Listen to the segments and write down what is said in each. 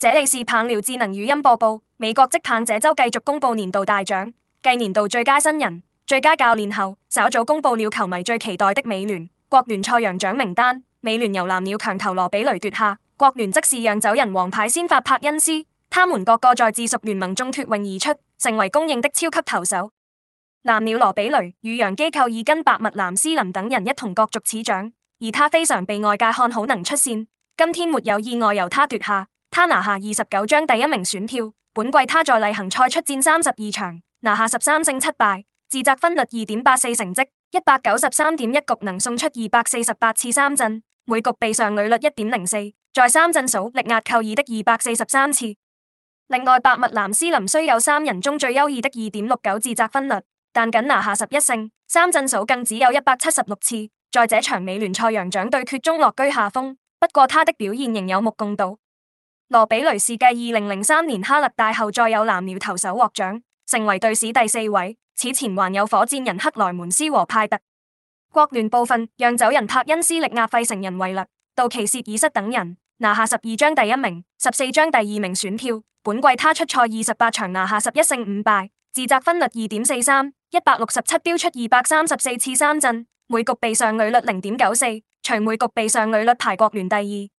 這裡是棒料智能語音播報。美國職棒這周繼續公布年度大獎，繼年度最佳新人、最佳教練後，稍早公布了球迷最期待的美聯國聯賽揚獎名單。美聯由藍鳥強投羅比雷奪下，國聯則是釀酒人王牌先發柏恩斯。他們各個在自屬聯盟中脫穎而出，成為公認的超級投手。藍鳥羅比雷與洋機構二根白襪藍斯林等人一同角逐此獎，而他非常被外界看好能出線，今天沒有意外由他奪下。他拿下二十九張第一名選票。本季他在例行賽出戰三十二場，拿下十三勝七敗，自責分率二點八四，成績一百九十三點一局能送出二百四十八次三振，每局被上壘率一點零四，在三振數力壓扣二的二百四十三次。另外，白襪藍斯林雖有三人中最優異的二點六九自責分率，但僅拿下十一勝，三振數更只有一百七十六次，在這場美聯賽揚獎對決中落居下風。不過，他的表現仍有目共睹。羅比雷是繼二零零三年哈勒戴後，再有藍鳥投手獲獎，成為隊史第四位。此前還有火箭人克萊門斯和派特。國聯部分釀酒人柏恩斯力壓費城人韋勒，道奇薛爾瑟等人拿下十二張第一名、十四張第二名選票。本季他出賽二十八場，拿下十一勝五敗，自責分率二點四三，一百六十七丟出二百三十四次三振，每局被上壘率零點九四，場每局被上壘率排國聯第二。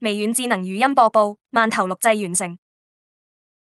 微軟智能語音播報，饅頭錄製完成。